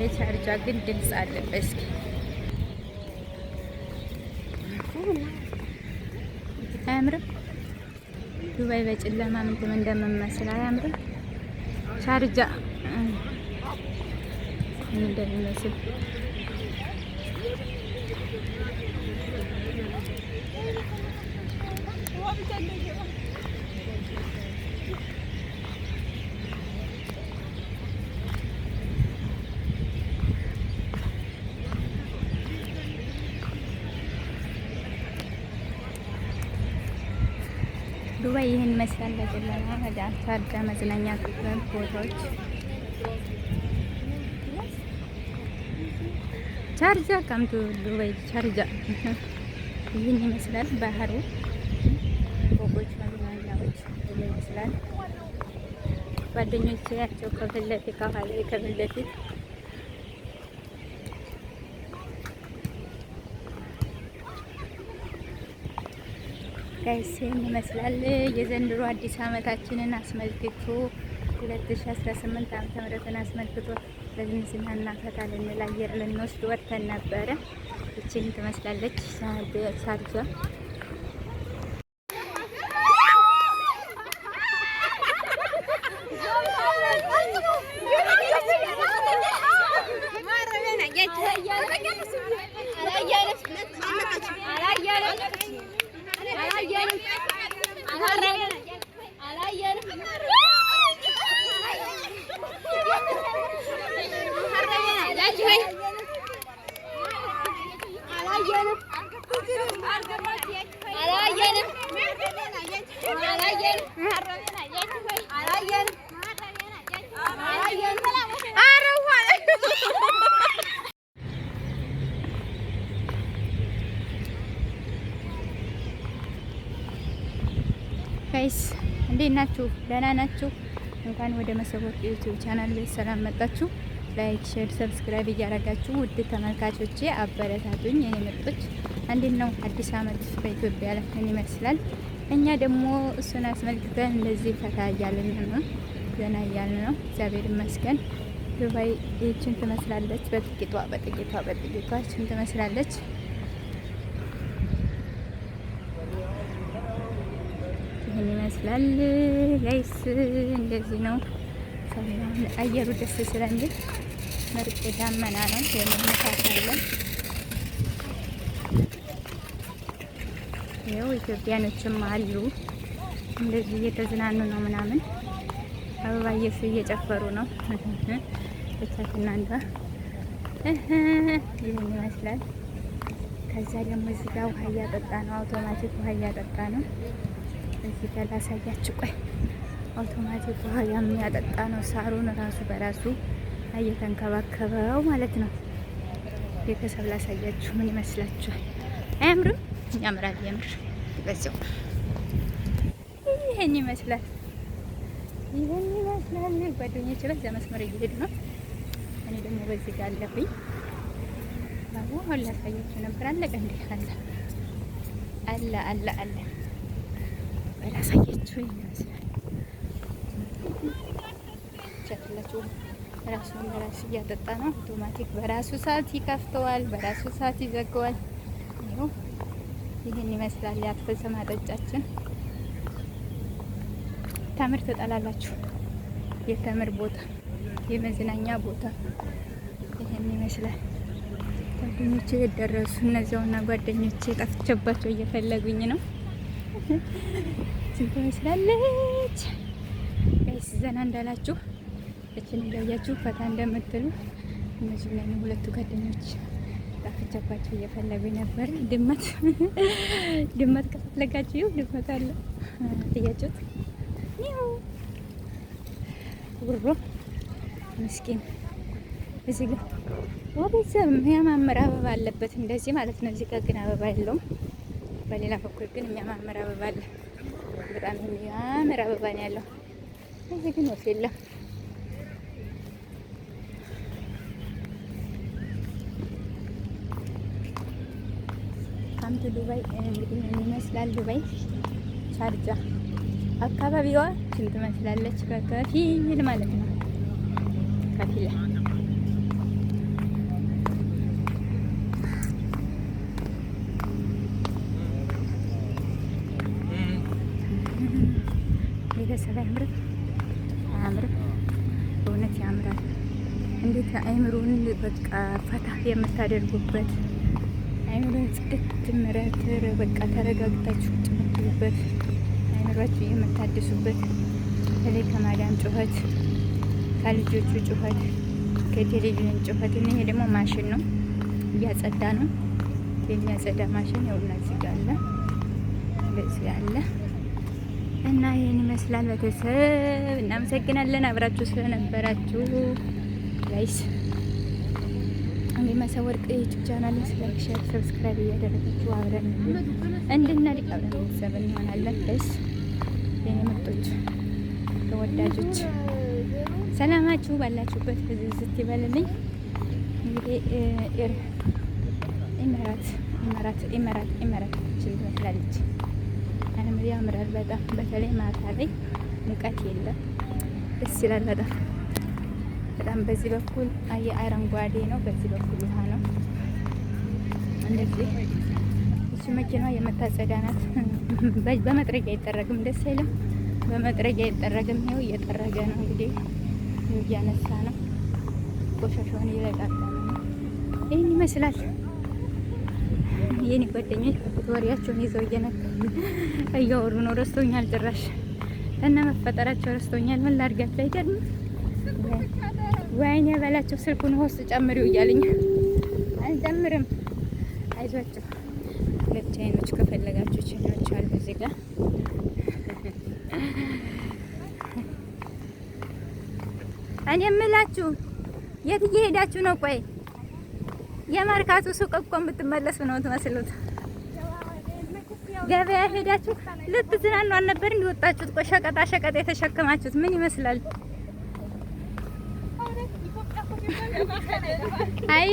ላይ ቻርጃ ግን ድምፅ አለበት። እስኪ አያምርም? ዱባይ በጨለማ ምን እንደምመስል አያምርም? ቻርጃ እንደሚመስል ዱባይ ይህን መስላል በጀለና ወደ አልፋርዳ መዝናኛ ክፍል ቦታዎች ቻርጃ ካምቱ ዱባይ ቻርጃ ይህን ይመስላል። ባህሩ ቦቦች መዝናኛዎች ይህን ይመስላል። ጓደኞች ያቸው ከፊት ለፊት ከኋላ ከፊት ለፊት ጋይሴን ይመስላል የዘንድሮ አዲስ አመታችንን አስመልክቶ 2018 ዓመተ ምህረትን አስመልክቶ በዝምዝናና ፈታ ልንል አየር ልንወስድ ወጥተን ነበረ። እችን ትመስላለች ሳድዟ ጋይስ እንዴት ናችሁ? ደህና ናችሁ? እንኳን ወደ መሰቦርቅ ዩቲዩብ ቻናል ላይ ሰላም መጣችሁ። ላይክ፣ ሼር፣ ሰብስክራይብ እያደረጋችሁ ውድ ተመልካቾቼ አበረታቱኝ። የኔ ምርጦች እንዴት ነው አዲስ አመት በኢትዮጵያ ምን ይመስላል? እኛ ደግሞ እሱን አስመልክተን እንደዚህ ፈታ እያልን ነው፣ ዘና እያልን ነው። እግዚአብሔር ይመስገን። ዱባይ ይችን ትመስላለች፣ በጥቂቷ በጥቂቷ በጥቂቷ ይችን ትመስላለች። ይመስላል ጋይስ። እንደዚህ ነው። አየሩ ደስ ስለሚል ምርጥ ዳመና ነው የምንመሳሳለን። ይኸው ኢትዮጵያኖችም አሉ እንደዚህ እየተዝናኑ ነው ምናምን አበባ እየሱ እየጨፈሩ ነው። ብቻትና አንዷ ይህን ይመስላል። ከዛ ደግሞ እዚህ ጋ ውሃ እያጠጣ ነው፣ አውቶማቲክ ውሃ እያጠጣ ነው። እዚህ ጋር ላሳያችሁ። ቆይ አውቶማቲክ ውሃ የሚያጠጣ ነው። ሳሩን ራሱ በራሱ እየተንከባከበው ማለት ነው። ቤተሰብ ላሳያችሁ። ምን ይመስላችኋል? አያምርም? ያምራል። የምር በዚው ይህን ይመስላል። ይህን ይመስላል። ጓደኞች በዛ መስመር እየሄዱ ነው። እኔ ደግሞ በዚህ ጋር አለሁኝ። አሁን ላሳያችሁ ነበር። አለቀ እንዲህ አለ አለ አለ አለ ላሳያችሁ ይመስላል። ቸክላችሁ ራሱን በራሱ እያጠጣ ነው። አውቶማቲክ በራሱ ሰዓት ይከፍተዋል፣ በራሱ ሰዓት ይዘግዋል ይኸው ይህን ይመስላል የአትክልት ማጠጫችን። ተምር ትጠላላችሁ። የተምር ቦታ የመዝናኛ ቦታ ይህን ይመስላል። ጓደኞቼ የደረሱ እነዚያውና ጓደኞች ጠፍቼባቸው እየፈለጉኝ ነው። ይችን ትመስላለች። ጋይስ ዘና እንዳላችሁ እችን እያያችሁ ፈታ እንደምትሉ እነዚህ ላይ ሁለቱ ጓደኞች ጣፍቻባቸው እየፈለጉ ነበር። ድመት ድመት ከፈለጋችሁ ይኸው ድመት አለ ጥያጩት ይኸው ጉሮ ምስኪን እዚህ ጋር ወደዚያ የሚያማምር አበባ አለበት እንደዚህ ማለት ነው። እዚህ ጋር ግን አበባ የለውም። በሌላ በኩል ግን የሚያማምር አበባ አለ። በጣም የሚያምር አበባ ነው ያለው። እዚህ ግን ወፍ የለም። አምቱ ዱባይ እንግዲህ ምን ይመስላል። ዱባይ ሻርጃ አካባቢዋ ትመስላለች በከፊል ማለት ነው ከፊል አያምርም? በእውነት ያምራል። እንዴት አይምሮን በቃ ፈታ የምታደርጉበት አይምሮን ጽድት ምረትር በቃ ተረጋግታችሁ ጭምትሉበት አይምሯችሁ የምታድሱበት በተለይ ከማዳም ጩኸት፣ ከልጆቹ ጩኸት፣ ከቴሌቪዥን ጩኸት እና ይሄ ደግሞ ማሽን ነው እያጸዳ ነው የሚያጸዳ ማሽን ያው እንደዚህ እና ይህን ይመስላል ቤተሰብ። እናመሰግናለን አብራችሁ ስለነበራችሁ። ጋይስ እኔ መሰወር ዩቲዩብ ቻናል ላይክ፣ ሼር፣ ሰብስክራይብ እያደረጋችሁ አብረን እንድናድግ አብረን ቤተሰብ እንሆናለን። ጋይስ የኔ ምርጦች ተወዳጆች ሰላማችሁ ባላችሁበት ብዝዝት ይበልልኝ። እንግዲህ ኢመራት ኢመራት ኢመራት ኢመራት ይችላል ሲያምር ያምራል በጣም በተለይ ማታ ላይ ሙቀት የለም፣ ደስ ይላል በጣም በጣም። በዚህ በኩል አየ አረንጓዴ ነው፣ በዚህ በኩል ውሃ ነው። እንደዚህ እሱ መኪናዋ የምታጸዳ ናት። በመጥረጊያ አይጠረግም፣ ደስ አይልም። በመጥረጊያ አይጠረግም። ይኸው እየጠረገ ነው እንግዲህ እያነሳ ነው ቆሻሻውን እየለቃቀመ ነው። ይህን ይመስላል። የኔ ጓደኞች ወሬያቸውን ይዘው እየነገ እያወሩ ነው። ረስቶኛል ጭራሽ እና መፈጠራቸው ረስቶኛል። ምን ላድርጋቸው? አይገርምም? ወይኔ በላቸው። ስልኩን ሆስት ጨምሪው እያለኝ አልጨምርም። አይዟቸው። ሁለት አይኖች ከፈለጋችሁ ቻይኖች አሉ እዚህ ጋር እኔ የምላችሁ የት እየሄዳችሁ ነው? ቆይ የመርካቱ ሱቅ እኮ የምትመለስ ነው የምትመስሉት። ገበያ ሄዳችሁ ልትዝናኑ አልነበር እንዲወጣችሁት? ቆይ ሸቀጣ ሸቀጥ የተሸከማችሁት ምን ይመስላል? አይ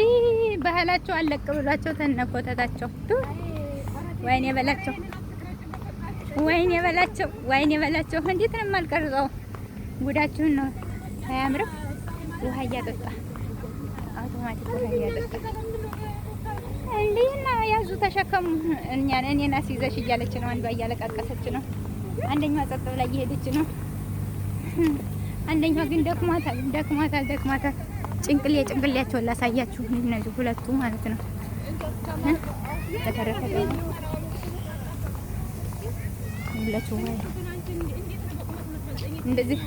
ባህላቸው አለቅ ብሏቸው ተነኮተታቸው። ወይኔ በላቸው፣ ወይኔ በላቸው፣ ወይኔ በላቸው። እንዴት ነው የማልቀርጸው? ጉዳችሁን ነው። አያምርም? ውሃ እያጠጣ አውቶማቲክ ውሃ እያጠጣ እንዴና ያዙ ተሸከሙ እኛን እኔን አስይዘሽ እያለች ነው። አንዷ እያለቃቀሰች ነው። አንደኛዋ ጸጥ ብላ እየሄደች ነው። አንደኛዋ ግን ደክሟታል፣ ደክሟታል፣ ደክሟታል። ጭንቅሌ ጭንቅሌያቸውን ላሳያችሁ እነዚህ ሁለቱ ማለት ነው። በተረፈ እንደዚህ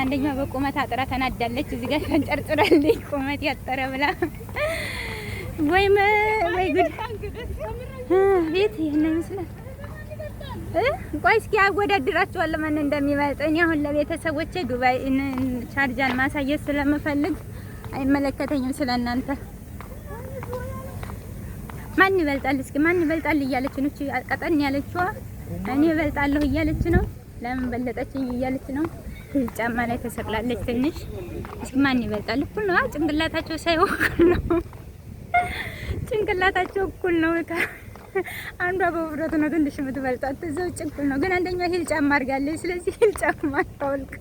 አንደኛዋ በቁመት አጥራ ተናዳለች። እዚህ ጋር ተንጨርጭራለች ቁመት ያጠረ ብላ ወይ ወይ ጉድ! ቤት ይሄን ይመስላል። ቆይ እስኪ ያወዳድራችኋለሁ ማን እንደሚመጣ። እኔ አሁን ለቤተሰቦቼ ዱባይ ሻርጃን ማሳየት ስለምፈልግ አይመለከተኝም ስለእናንተ። ማን ይበልጣል? እስኪ ማን ይበልጣል እያለች ነው ቀጠን ያለችዋ። እኔ እበልጣለሁ እያለች ነው። ለምን በለጠችኝ እያለች ነው። ጫማ ላይ ተሰቅላለች ትንሽ። እስኪ ማን ይበልጣል? እኩል ነው ጭንቅላታቸው ሳይወክል ነው ጭንቅላታቸው እኩል ነው። አንዷ በብረት ነው ትንሽ የምትበልጣት፣ እዛው ጭንቅል ነው። ግን አንደኛው ሂል ጫማ አድርጋለች። ስለዚህ ሂል ጫማ ታውልቅ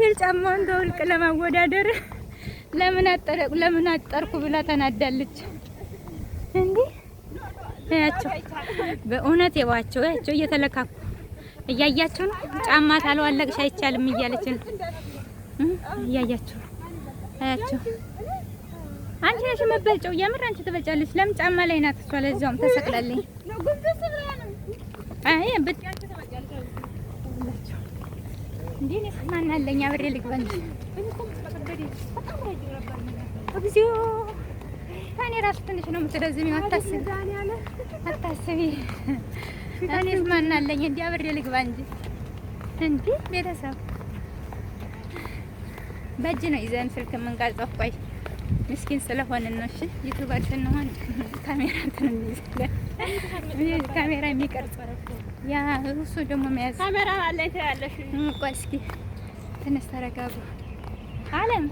ሂል ጫማውን ተውልቅ ለማወዳደር ለምን አጠረቁ ለምን አጠርኩ ብላ ተናዳለች። እንዲህ ያቸው በእውነት የዋቸው ያቸው እየተለካኩ እያያችሁ ነው። ጫማ ታለዋለቅሽ አይቻልም እያለች ነው እያያችሁ ያቸው አንቺ ነሽ የምትበልጨው። የምር አንቺ ትበልጫለሽ። ለምን ጫማ ላይ ናት እሷ፣ ለዛውም ተሰቅላለኝ። አይ ልግባ እግዚኦ፣ ትንሽ ነው የምትረዝሚው። አታስቢ አታስቢ። እኔስ ልግባ እንጂ ቤተሰብ በእጅ ነው ይዘን ስልክ የምንቀርጸው። ቆይ ምስኪን ስለሆነ ነው። እሺ ዩቲዩባችን ነው ካሜራ እንይዛለን። ካሜራ የሚቀርጽ ያ እሱ ደግሞ መያዝ ካሜራ አለ ያለሽ። ቆይ እስኪ ትንሽ ተረጋጉ። አለም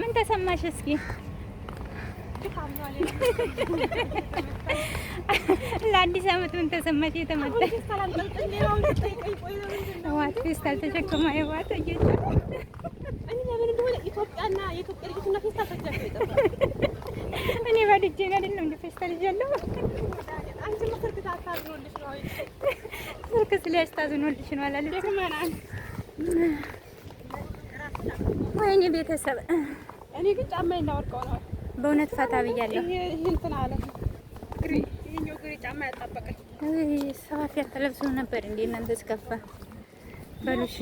ምን ተሰማሽ? እስኪ ለአዲስ አመት ምን ተሰማሽ? የተመታ ዋት ፌስታል ተሸክማ የዋት እየቻ ኢትዮጵያና የኢትዮጵያ ልጅና ፌስታል ፈጃችሁ እኔ ባድጄ ነው እንደ ፌስታል አንቺ ታታዝኖልሽ ነው አይደል? ስልክ ነው አላለች። ወይኔ ቤተሰብ፣ እኔ ግን ነው በእውነት ፈታ ብያለሁ። ይሄ እንትን አለ ግሪ፣ ይሄኛው ግሪ ጫማ ያጣበቀኝ ሰፋፊ አትለብሱ ነበር እንዴ በሉሽ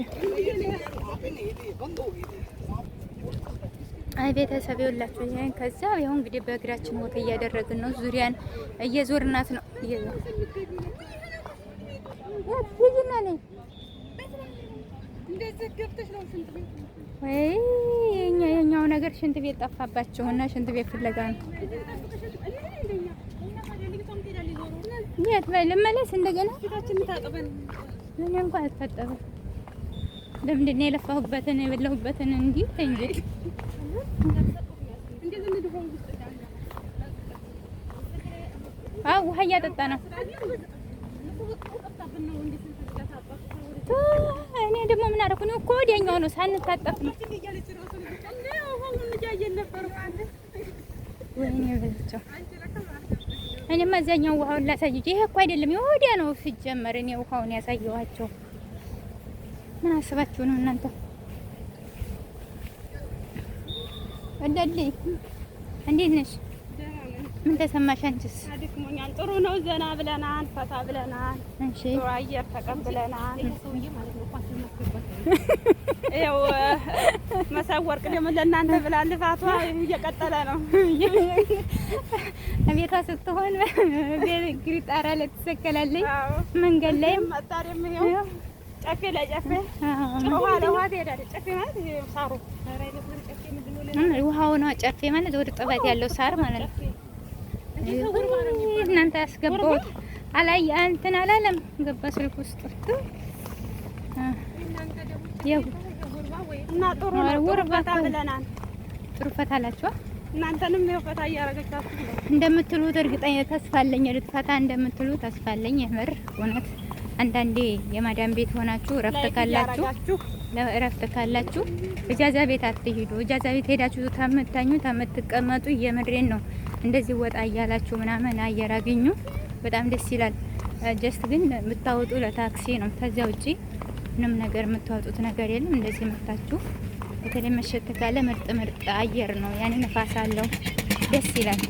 አይ ቤተሰብ የላችሁ ይሄን ከዛ ይሁን እንግዲህ በእግራችን ወክ እያደረግን ነው። ዙሪያን እየዞርናት ነው። የኛ የኛው ነገር ሽንት ቤት ጠፋባቸው እና ሽንት ቤት ፍለጋ ነው። የት ልመለስ እንደገና እኔ እንኳን አልታጠበም። ለምንድን ነው የለፋሁበትን የበላሁበትን እንዲህ ተንጀል ውሃ እያጠጣ ነው። እኔ ደግሞ ምን አደረኩ ነው እኮ ወዲያኛው ነው ሳንታጠፍ ነው። ወይኔ በልቼው ውሃውን ላሳየው። ይሄ እኮ አይደለም የወዲያ ነው ሲጀመር። እኔ ውሃውን ያሳየኋቸው ምን አስባችሁ ነው እናንተ? ወደልኝ እንዴት ነሽ? ምን ተሰማሽ? አንቺስ? አድክሞኛል። ጥሩ ነው። ዘና ብለናል፣ ፈታ ብለናል፣ ጥሩ አየር ተቀብለናል። ይኸው መሳብ ደግሞ ለእናንተ ብላ ልፋቷ እየቀጠለ ነው። ቤቷ ስትሆን ግሪ ጣራ ላይ ትሰከላለች መንገድ ጨፌ ለጨፌ ውሃ ለውሃ ትሄዳለች። ጨፌ ማለት ሳሩ ውሃው ነው። ጨፌ ማለት ወደ ጥበት ያለው ሳር ማለት ነው። እናንተ ያስገባሁት አላየ እንትን አላለም ገባ ስልክ ውስጥ እና ጥሩ ፈታ አላችኋል። እናንተንም ይኸው ፈታ እያደረገቻችሁ እንደምትሉት እርግጠኛ ተስፋ አለኝ። ልትፈታ እንደምትሉ ተስፋ አለኝ። የምር እውነት አንዳንዴ የማዳም ቤት ሆናችሁ እረፍት ካላችሁ እረፍት ካላችሁ እጃዛ ቤት አትሂዱ። እጃዛ ቤት ሄዳችሁ ተመታኙ ታምትቀመጡ የምድሬን ነው። እንደዚህ ወጣ እያላችሁ ምናምን አየር አገኙ በጣም ደስ ይላል። ጀስት ግን የምታወጡ ለታክሲ ነው። ከዚያ ውጪ ምንም ነገር የምታወጡት ነገር የለም። እንደዚህ መታችሁ በተለይ መሸት ካለ ምርጥ ምርጥ አየር ነው። ያኔ ነፋስ አለው። ደስ ይላል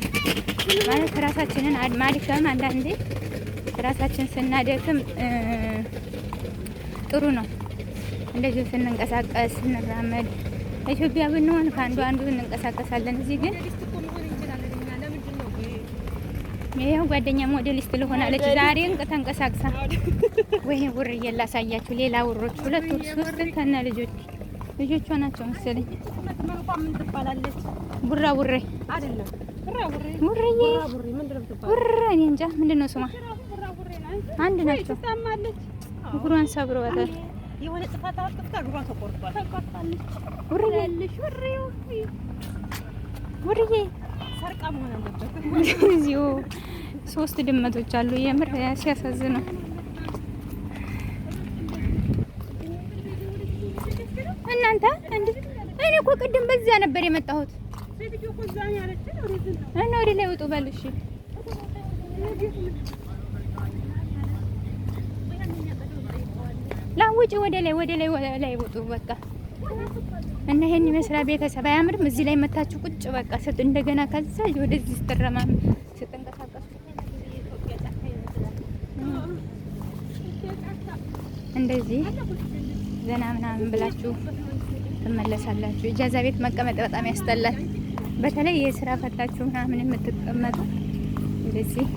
ማለት ራሳችንን ማሊካም አንዳንዴ ራሳችን ስናደክም ጥሩ ነው። እንደዚህ ስንንቀሳቀስ ስንራመድ ኢትዮጵያ ብንሆን ከአንዱ አንዱ እንንቀሳቀሳለን። እዚህ ግን ይኸው ጓደኛ ሞዴሊስት ልሆናለች ዛሬ እንቅ ተንቀሳቅሳ። ወይኔ ውር እየላሳያችሁ ሌላ ውሮች ሁለት ውር ሶስት ከነ ልጆች ልጆቿ ናቸው መሰለኝ። ቡራ ቡሬ ቡሬ ቡሬ እኔ እንጃ ምንድን ነው ስሟ አንድ ናቸው። እግሯን ሰብረዋታል። የሆነ ጥፋት አጥፍታ ተቆርጧል። ውርዬ ሰርቃ መሆን አለበት። እዚሁ ሶስት ድመቶች አሉ። የምር ሲያሳዝነው እናንተ እኔ እኮ ቅድም በዚያ ነበር የመጣሁት። እና ወደ ላይ ወጡ በልሽ ውጭ ወደ ላይ ወደ ላይ ወደ ላይ ውጡ። በቃ እና ይሄን ይመስላል ቤተሰብ። አያምርም? እዚህ ላይ መታችሁ ቁጭ በቃ ስጥ እንደገና ከዛ ወደዚህ ስትረማ ስትንቀሳቀሱ እንደዚህ ዘና ምናምን ብላችሁ ትመለሳላችሁ። እጃዛ ቤት መቀመጥ በጣም ያስጠላል። በተለይ የስራ ፈታችሁ ምናምን የምትቀመጡ እንደዚህ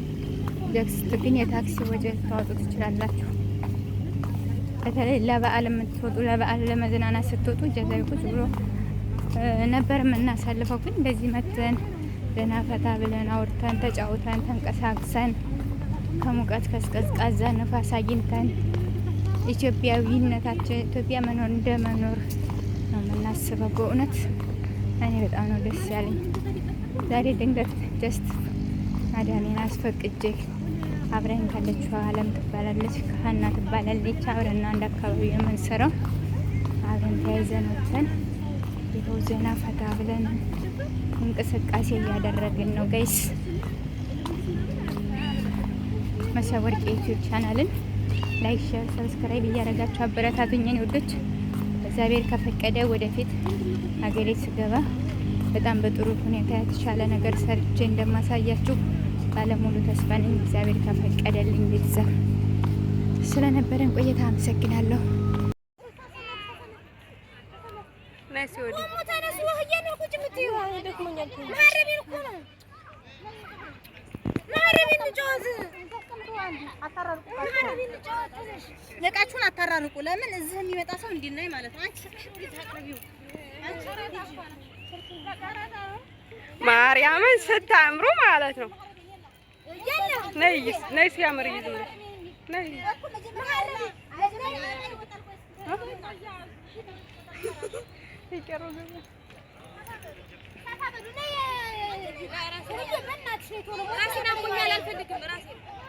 ጀክስ ግን የታክሲ ወጪ ታወጡ ትችላላችሁ። በተለይ ለበዓል የምትወጡ ለበዓል ለመዝናናት ስትወጡ ጀዛዊ ቁጭ ብሎ ነበር የምናሳልፈው። ግን እንደዚህ መተን ደህና ፈታ ብለን አውርተን ተጫውተን ተንቀሳቅሰን ከሙቀት ከስቀዝቃዛ ነፋስ አግኝተን ኢትዮጵያዊነታችን ኢትዮጵያ መኖር እንደመኖር ነው የምናስበው። በእውነት እኔ በጣም ነው ደስ ያለኝ ዛሬ ድንገት ጀስት ማዳሜን አስፈቅጄ አብረን ካለችው አለም ትባላለች፣ ካህና ትባላለች። አብረና አንድ አካባቢ የምንሰራው አብረን ተያይዘን ወጥተን ይኸው ዜና ፈታ ብለን እንቅስቃሴ እያደረግን ነው። ጋይስ መሰብ ወርቅ ዩቲዩብ ቻናልን ላይክ፣ ሼር፣ ሰብስክራይብ እያደረጋችሁ አበረታቱኝን ውዶች። እግዚአብሔር ከፈቀደ ወደፊት ሀገሬ ስገባ በጣም በጥሩ ሁኔታ የተሻለ ነገር ሰርቼ እንደማሳያችሁ ባለሙሉ ተስፋ ነኝ። እግዚአብሔር ከፈቀደልኝ ቤተሰብ ስለነበረን ቆይታ አመሰግናለሁ። እቃችሁን አታራርቁ። ለምን እዚህ የሚመጣ ሰው እንዲናይ ማለት ነው። ማርያምን ስታምሩ ማለት ነው። نيس نيس يا مريض نيس راسي راسي